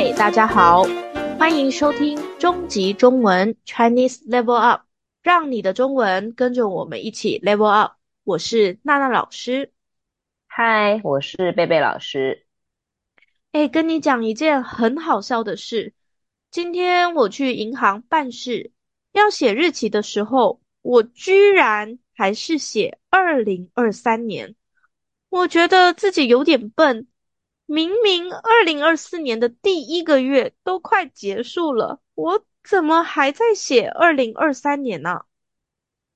哎，Hey，大家好，歡迎收聽終極中文 Chinese Level Up，讓你的中文跟着我們一起 Level Up。我是娜娜老師，嗨，我是貝貝老師。哎，Hey，跟你講一件很好笑的事，今天我去銀行辦事，要寫日期的時候，我居然還是寫二零二三年，我覺得自己有點笨。明明二零二四年的第一個月都快結束了，我怎麼還在寫二零二三年呢、啊？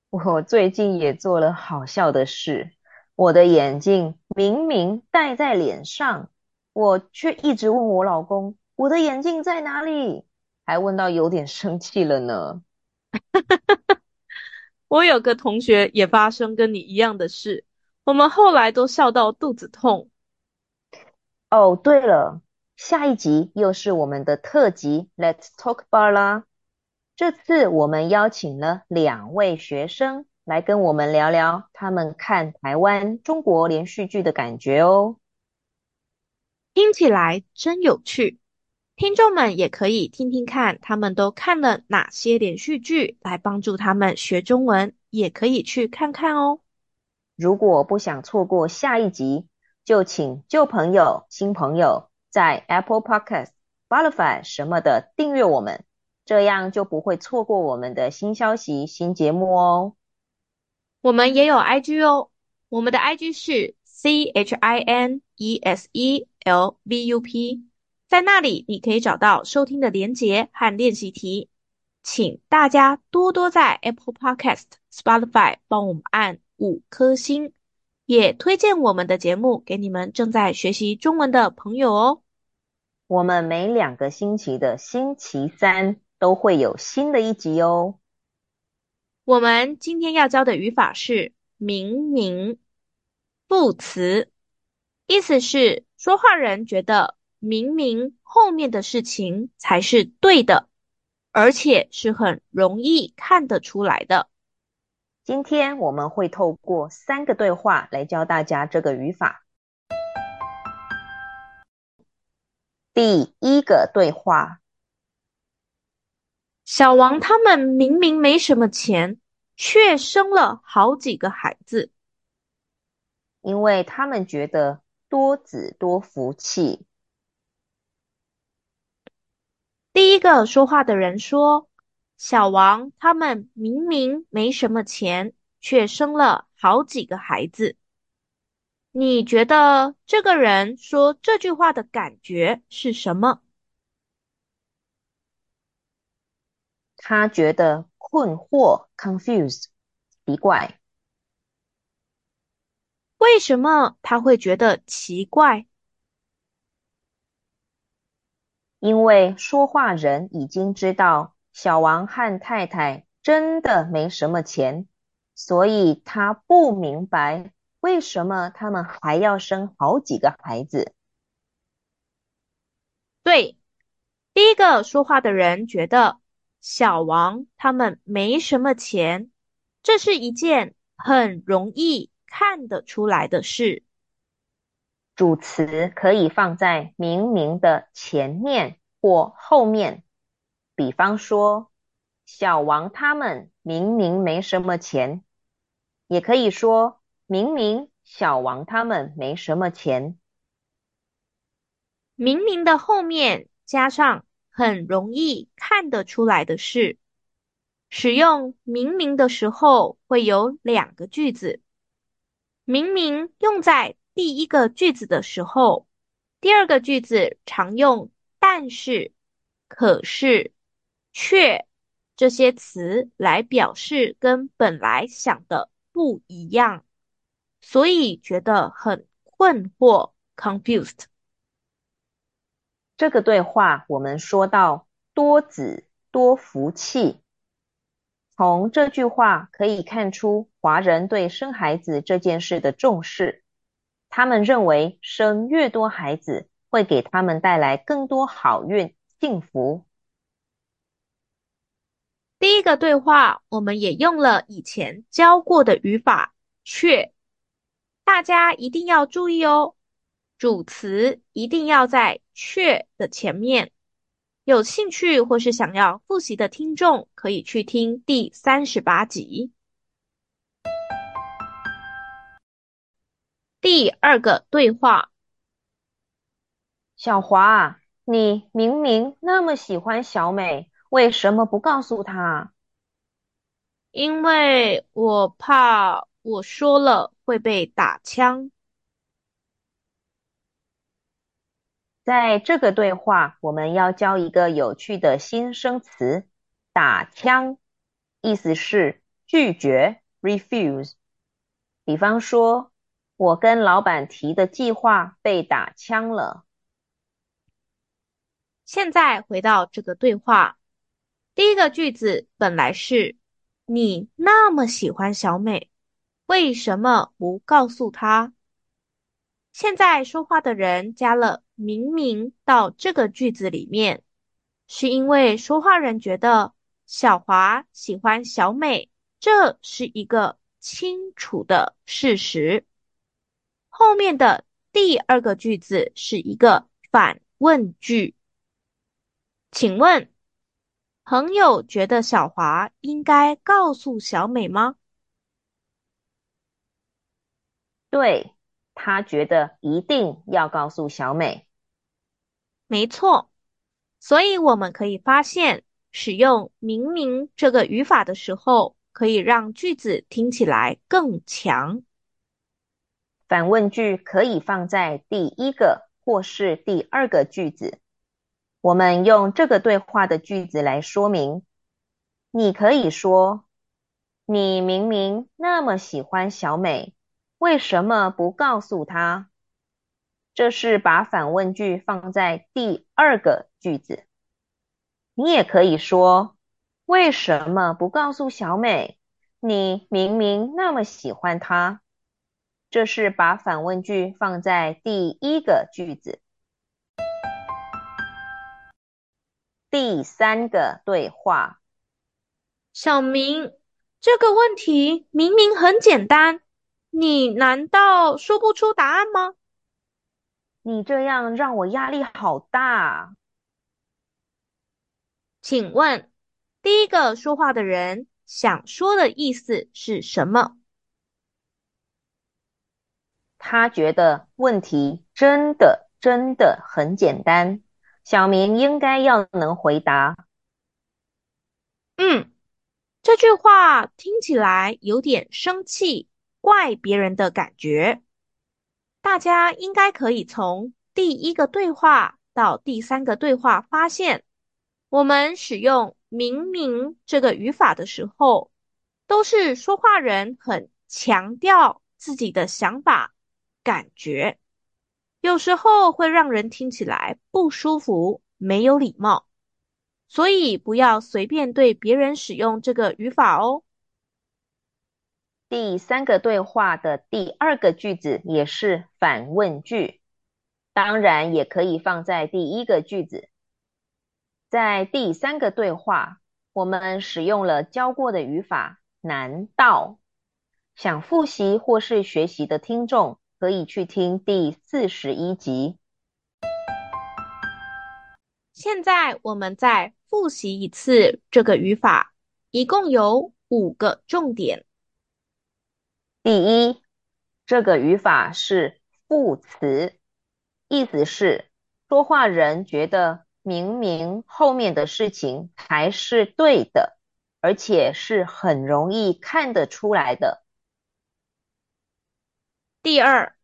我最近也做了好笑的事，我的眼鏡明明戴在臉上，我卻一直問我老公：“我的眼鏡在哪裡？”還問到有點生氣了呢。 我有個同學也發生跟你一樣的事，我們後來都笑到肚子痛。哦，oh，對了，下一集又是我們的特輯，Let's Talk Bar 啦。這次我們邀請了兩位學生來跟我們聊聊他們看台灣中國連續劇的感覺哦。聽起來真有趣，聽眾們也可以聽聽看他們都看了哪些連續劇，來幫助他們學中文，也可以去看看哦。如果不想錯過下一集。就請舊朋友、新朋友在 Apple Podcast、Spotify 什麼的訂閱我們，這樣就不會錯過我們的新消息、新節目哦。我們也有 IG 哦，我們的 IG 是 C H I N E S E L V U P，在那裡你可以找到收聽的鏈接和練習題。請大家多多在 Apple Podcast、Spotify 幫我們按五顆星。也推薦我們的節目給你們正在學習中文的朋友哦。我們每兩個星期的星期三都會有新的一集哦。我們今天要教的語法是明明副詞，意思是說話人覺得明明後面的事情才是對的，而且是很容易看得出來的。今天我們會透過三個對話來教大家這個語法。第一個對話：小王他們明明沒什麼錢，卻生了好幾個孩子，因為他們覺得多子多福氣。第一個說話的人說。小王他們明明沒什麼錢，卻生了好幾個孩子。你覺得這個人說這句話的感覺是什麼？他覺得困惑 （confused），奇怪。為什麼他會覺得奇怪？因為說話人已經知道。小王和太太真的沒什麼錢，所以他不明白為什麼他們還要生好幾個孩子。對，第一個說話的人覺得小王他們沒什麼錢，這是一件很容易看得出來的事。主詞可以放在明明的前面或後面。比方說，小王他們明明沒什麼錢，也可以說明明小王他們沒什麼錢。明明的後面加上很容易看得出來的事。使用明明的時候會有兩個句子。明明用在第一個句子的時候，第二個句子常用但是、可是。卻這些詞來表示跟本來想的不一樣，所以覺得很困惑 （confused）。這個對話我們說到多子多福氣，從這句話可以看出華人對生孩子這件事的重視。他們認為生越多孩子會給他們帶來更多好運、幸福。第一個對話，我們也用了以前教過的語法“卻”，大家一定要注意哦。主詞一定要在“卻”的前面。有興趣或是想要複習的聽眾，可以去聽第三十八集。第二個對話，小華，你明明那麼喜歡小美。為什麼不告訴他？因為我怕我說了會被打槍。在這個對話，我們要教一個有趣的新生詞“打槍”，意思是拒絕 （refuse）。比方說，我跟老板提的計劃被打槍了。現在回到這個對話。第一個句子本來是“你那麼喜歡小美，為什麼不告訴她？”現在說話的人加了“明明”到這個句子裡面，是因為說話人覺得小華喜歡小美，這是一個清楚的事實。後面的第二個句子是一個反問句。請問。朋友覺得小華應該告訴小美嗎？對，他覺得一定要告訴小美。沒錯，所以我們可以發現，使用明明這個語法的時候，可以讓句子聽起來更強。反問句可以放在第一個或是第二個句子。我們用這個對話的句子來說明。你可以說：“你明明那麼喜歡小美，為什麼不告訴她？”這是把反問句放在第二個句子。你也可以說：“為什麼不告訴小美？你明明那麼喜歡她。”這是把反問句放在第一個句子。第三個對話，小明，這個問題明明很簡單，你難道說不出答案嗎？你這樣讓我壓力好大。請問，第一個說話的人想說的意思是什麼？他覺得問題真的真的很簡單。小明應該要能回答。嗯，這句話聽起來有點生氣，怪別人的感覺。大家應該可以從第一個對話到第三個對話發現，我們使用明明這個語法的時候，都是說話人很強調自己的想法、感覺。有時候會讓人聽起來不舒服，沒有禮貌，所以不要隨便對別人使用這個語法哦。第三個對話的第二個句子也是反問句，當然也可以放在第一個句子。在第三個對話，我們使用了教過的語法，難道，想複習或是學習的聽眾？可以去聽第四十一集。現在我們再複習一次這個語法，一共有五個重點。第一，這個語法是副詞，意思是說話人覺得明明後面的事情才是對的，而且是很容易看得出來的。第二。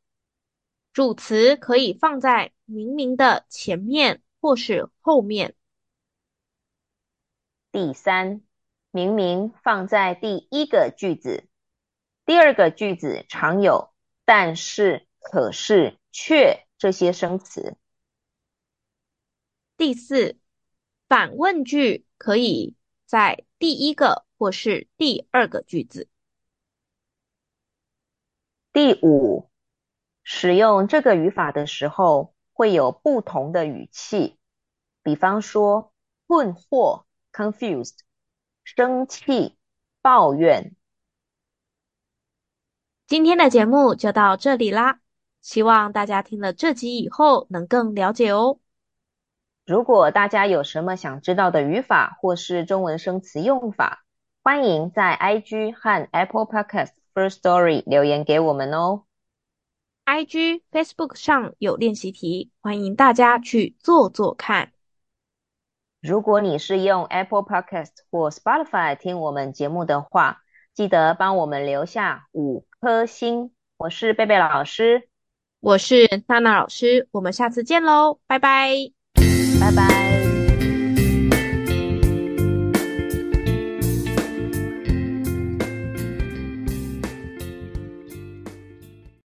主詞可以放在明明的前面或是後面。第三，明明放在第一個句子，第二個句子常有但是、可是、卻這些生詞。第四，反問句可以在第一個或是第二個句子。第五。使用這個語法的時候，會有不同的語氣，比方說困惑 （confused）、生氣、抱怨。今天的節目就到這裡啦，希望大家聽了這集以後能更了解哦。如果大家有什麼想知道的語法或是中文生詞用法，歡迎在 IG 和 Apple Podcast Firstory 留言給我們哦。IG Facebook 上有練習題，歡迎大家去做做看。如果你是用 Apple Podcast 或 Spotify 聽我們節目的話，記得幫我們留下五顆星。我是貝貝老師，我是娜娜老師，我們下次見嘍，拜拜，拜拜。